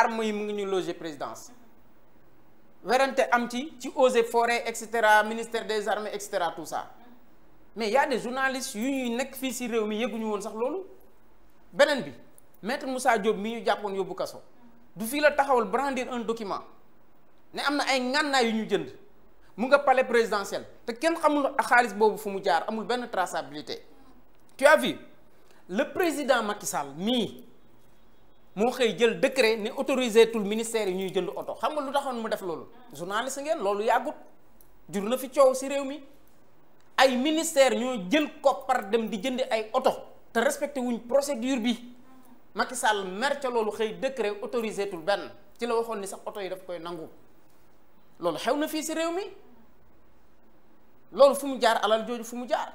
armes yi mu ngi ñu loger présidence werante am ci ci eaux et forêts et cetera ministère des armées et cetera tout ça mais y a des yu ñuy nekk fii si réew mi yëguñu woon sax loolu beneen bi maître Moussa Diop mi ñu jàppoon yóbbu kaso du fii la taxawal brandir un document ne am na ay ngànnaay yu ñu jënd mu nga palais présidentiel te kenn amul xaalis boobu fu mu jaar amul benn traçabilité tu as vu président mattisal mii moo xëy jël décret ne autorisé tul ministère yi ñuy jënd oto xam nga lu taxoon mu def loolu journaliste ngeen loolu yàggut jur na fi coow si réew mi ay ministère ñoo jël koppar dem di jënd ay oto te respecté wuñ procédure bi Macky Sall mer ca loolu xëy décret autorisé tul benn ci la waxoon ni sax oto yi daf koy nangu loolu xew na fii si réew mi loolu fu mu jaar alal jooju fu mu jaar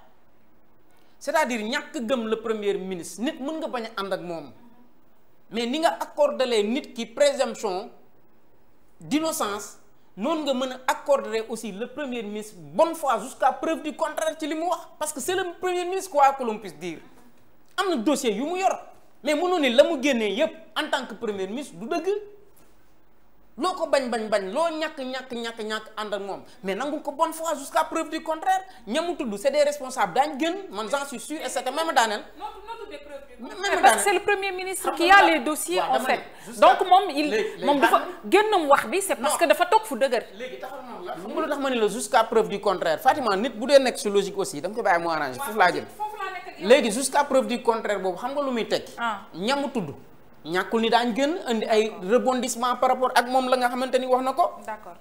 c'est-à-dire ñàkk gëm le premier ministre nit mën nga bañ a ànd ak moom mais ni nga accordelee nit ki présomption d'innocence noonu nga mën a accorder aussi le premier ministre bonne fois jusqu'à preuve du contraire ci li mu wax parce que c'est le premier ministre quoi que l'on puisse am na dossier yu mu yor mais mënoon ni la mu génnee yépp en tant que premier ministre du dëgg loo ko bañ bañ bañ loo ñàkk ñàkk ñàkk ñàkk ànd ak moom mais nangul ko bon foi jusqu'à preuve du contraire ñamu tudd c'est des responsables daañ gën man j'en suis sûr et certain même daaneel. parce que a les dossiers wax bi c'est parce que dafa toog fu dëgër léegi taxal moom nga tax ma ne la jusqu'à preuve du contraire Fatima nit bu dee nekk si logique aussi dama ko bàyyi mu arrangé foofu laa jëm léegi jusqu'à preuve du contraire boobu xam nga lu muy tekki ah. ñamu tudd ñàkkul ni daañ gën indi ay rebondissement par rapport ak moom la nga xamante ni wax na ko. d'accord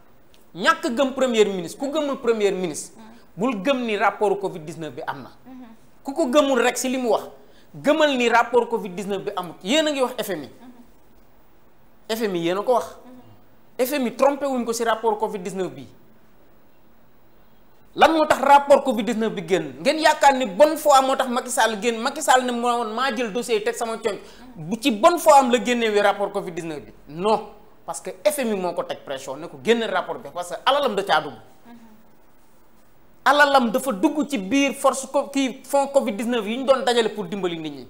ñàkk gëm premier ministre ku gëmul premier ministre. Mm. bul gëm ni rapport Covid 19 bi am na. Mm-hmm. ku ko gëmul rek si li mu wax gëmal ni rapport Covid 19 bi amut yéen a ngi wax FMI. Mm-hmm. FMI yéen a ko wax. Mm-hmm. FMI trompé wuñ ko si rapport Covid 19 bii. lan moo tax rapport Covid 19 bi génn ngeen yaakaar ni bonne foi moo tax Macky Sall génn Macky Sall ne moo woon maa jël dossier yi teg sama coñ bu ci bonne foi am la génnee wi rapport Covid 19 bi non parce que FMI moo ko teg pression ne ko génne rapport bi parce que alalam da caa alalam dafa dugg ci biir force ko kii fonds Covid 19 yi ñu doon dajale pour dimbali nit ñi.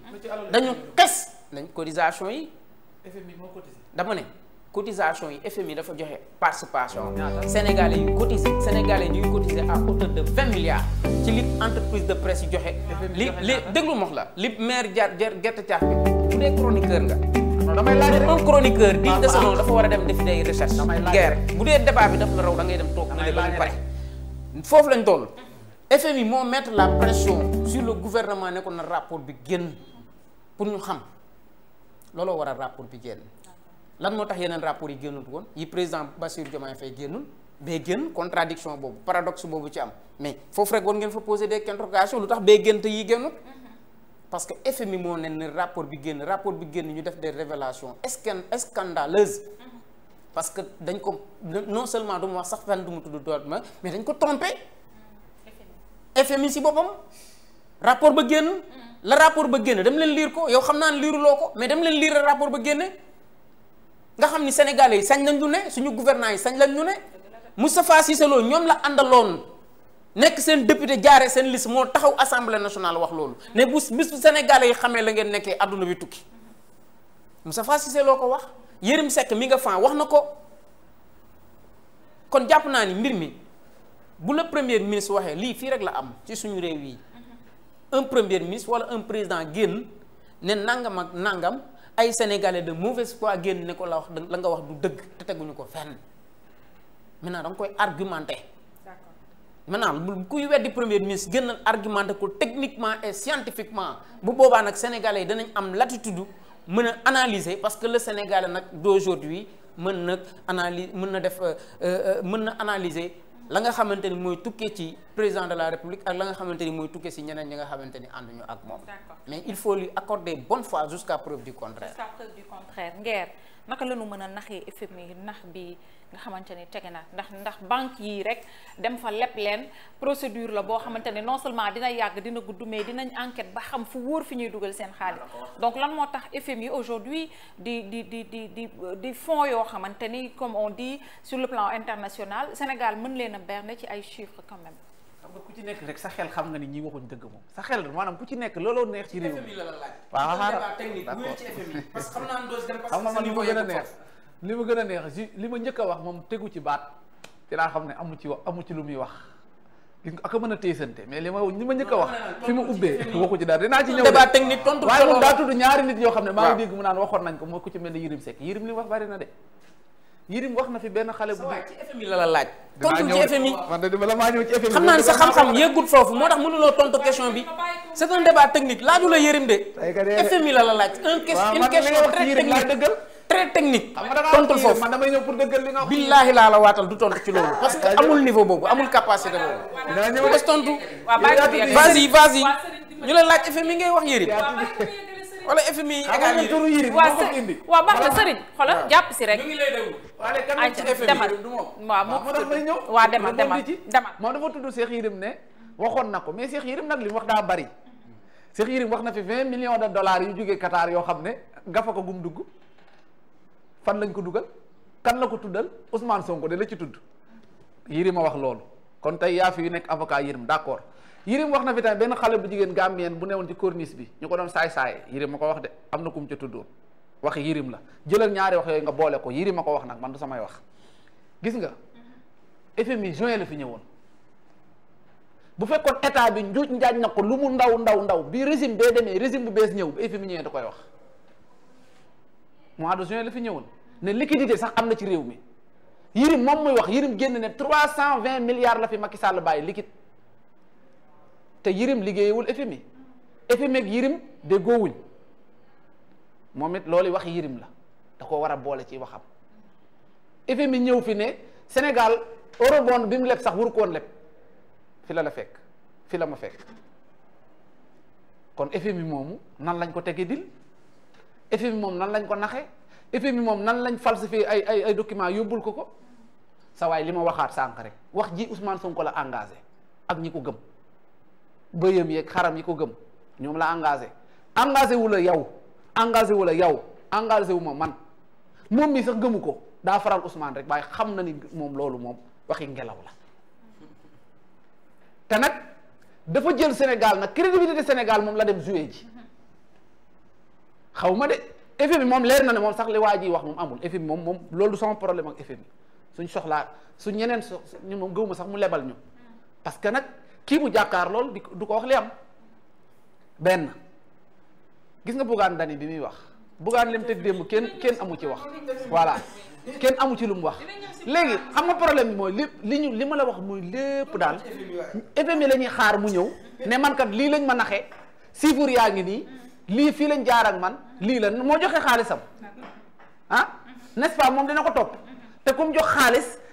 dañu xes nañ cotisation yi. FMI moo cotisé dama ne. cotisation yi FMI dafa joxe participation sénégalais yu cotisé sénégalais ñuy cotisé à hauteur de vingt milliards ci li entreprise de presse yi joxe li li déglu mox la li maire jar gerte caaf bi bu dee chroniqueur nga damay laaj un chroniqueur diñ de selon dafa war a dem def des recherches bu dee débat bi daf la raw da dem toog na ba ñu pare foofu lañ toll FMI moo mettre la pression sur le gouvernement nekkoon na rapport bi génn pour ñu xam looloo war a rapport bi génn lan moo tax yeneen rapports yi génnul woon yi président Bassirou Diomaye Faye génnul bee génn contradiction boobu paradoxe boobu ci am mais foofu rek war ngeen fa poser des interrogations lu tax bee génn te yii génnut parce que FMI moo ne ne rapport bi génn rapport bi génn ñu def des révélations scandaleuses parce que dañ ko non seulement du ma wax sax fan du mu tudd doot ma mais dañ ko trompé FMI si boppam rapport ba génn mm. la rapport ba génn dem leen liir ko yow xam naa ne liiruloo ko mais dem leen liir rapport ba génne nga xam ni sénégalais yi sañ nañ lu ne suñu gouvernants yi sañ lañ lu ne Moustapha Cissé seloo ñoom la àndaloon nekk seen député jaare seen liste moo taxaw assemblée nationale wax loolu ne bu bis bu sénégalais yi xamee la ngeen nekkee àdduna bi tukki Moustapha si seloo ko wax mu sekk mi nga fan wax na ko kon jàpp naa ni mbir mi bu la premier ministre waxee lii fii rek la am ci suñu réew yi un premier ministre wala un président génn ne nangam ak nangam ay sénégalais de mauvaise foi génn ne ko la wax la nga wax du dëgg te teguñu ko fenn maintenant da nga koy argumenté. d'accord maintenant kuy weddi premier ministre génnal argumenté ko techniquement et scientifiquement bu boobaa nag sénégalais yi danañ am latitude mën a analyser parce que le sénégalais nag d'aujourd'hui mën na analyse mën na def euh, euh, mën na analyser. la nga xamante ni mooy tukkee ci président de la république ak la nga xamante ni mooy tukkee si ñeneen ñi nga xamante ni ànduñu ak moom mais il faut lui accorder bon foi jusqu'à preuve du contraire jusqu'à naka la ñu mën a naxee FMI nax bi nga xamante ne tege na ndax ndax banque yi rek dem fa leb leen procédure la boo xamante ne non seulement dina yàgg dina gudd mais dinañ enquête ba xam fu wóor fi ñuy dugal seen xaalis ah, donc lan moo tax FMI aujourd'hui di di di di di di fonds yoo xamante ni comme on dit sur le plan international Sénégal mën leen a berner ci ay chiffres quand même xam ci nekk rek sa xel xam nga ni ñi waxuñ dëgg moom sa xel maanaam ku ci nekk looloo neex ci réew mi la laaj waaw xaaral d'accord parce que xam li ma gën a neex li ma gën a neex ji li ma njëkk a wax moom tegu ci baat ci laa xam ne amu ci wax amu ci lu muy wax gis nga ak a mën a li ma njëkk a wax fi ma ubbee waxu ci dara dinaa ci ñëw maa ngi dégg mu naan waxoon nañ ko mooy ku ci mel ni Yérim Seck Yérim li wax bari na de Yérim wax na fi benn xale bu. ci FMI la la laaj. tontu ci FMI xam naa ne sa xam-xam yëggut foofu moo tax mënuloo tontu question bi c'est un débat technique laaju la Yérim de. FMI la la laaj. un question une technique tontul foofu li nga wax. billaahi laa la waatal du tontu ci loolu. parce amul niveau boobu amul capacité boobu. dinaa ñëw de tontu. la laaj FMI ngay wax Yérim wala FMI yi égal yi de waaw baax na jàpp si rek. ñu ngi lay déglu waaye kan lañ ci FMI du moom waaw moo dafa tudd Cheikh Yérim ne waxoon na ko mais Cheikh Yérim nag li wax daa bari Cheikh Yérim wax na fi vingt millions de dollars yu jóge Qatar yoo xam ne gafa ko gum dugg fan lañ ko dugal kan la ko tuddal Ousmane Sonko de la ci tudd Yérim a wax loolu kon tey yaa fi nekk avocat Yérim d'accord Yérim wax na fi tamit benn xale bu jigéen gambien bu newoon ci corniche bi ñu ko doon saay-saay Yérim ma ko wax de am na kum ca tuddoon waxi Yérim la jëlal ñaari wax yooyu nga boole ko Yérim ma ko wax nag man du samay wax gis nga mi juin la fi ñëwoon bu fekkoon état bi njuuj njaaj na ko lu mu ndaw ndaw ndaw bi régime bee demee ñëw bu FMI ñëwee da koy wax mois de juin la fi ñëwoon ne liquidité sax am na ci réew mi Yérim moom muy wax Yérim génn ne trois cent vingt milliards la fi Macky Sall bàyyi liquide te Yirim liggéeyewul FMI FMI ak Yirim déggoowuñ moom it loolu wax Yirim la da ko war a boole ci waxam FMI ñëw fi ne Sénégal eurobond bi mu leb sax wur koon leb fi la fekk fi la ma fekk kon FMI moomu nan lañ ko tegee dil FMI moom nan lañ ko naxee FMI moom nan lañ falsifié ay ay ay documents yóbbul ko ko sawaay li ma waxaat sànq rek wax ji Ousmane Sonko la engage ak ñi ko gëm bëyam yeeg xaram yi ko gëm ñoom la engagé engagé wu la yow engagé wu la yow engagé wu ma man moom mi sax gëmu ko daa faral Ousmane rek waaye xam na ni moom loolu moom waxi ngelaw la te nag dafa jël Sénégal nag bi crédibilité Sénégal moom la dem joué ji xaw ma de efe bi moom leer na ne moom sax li waa ji wax moom amul effet bi moom moom loolu du sama problème ak effet bi suñ soxlaa suñ ñeneen so ñun moom gëwuma sax mu lebal ñu parce nag. kii mu jàkkaar lool di ko du ko wax li am benn gis nga buggaan dani bi muy wax buggaan lim tëdd démb kenn kenn amu ci wax voilà kenn amu ci lu mu wax léegi xam nga problème bi mooy lépp li ñu li ma la wax muy lépp daal FMI la ñuy xaar mu ñëw ne man kat lii lañ ma naxee siifur yaa ngi nii lii fii lañ jaar ak man lii la moo joxe xaalisam ah nest moom dina ko topp te ku mu jox xaalis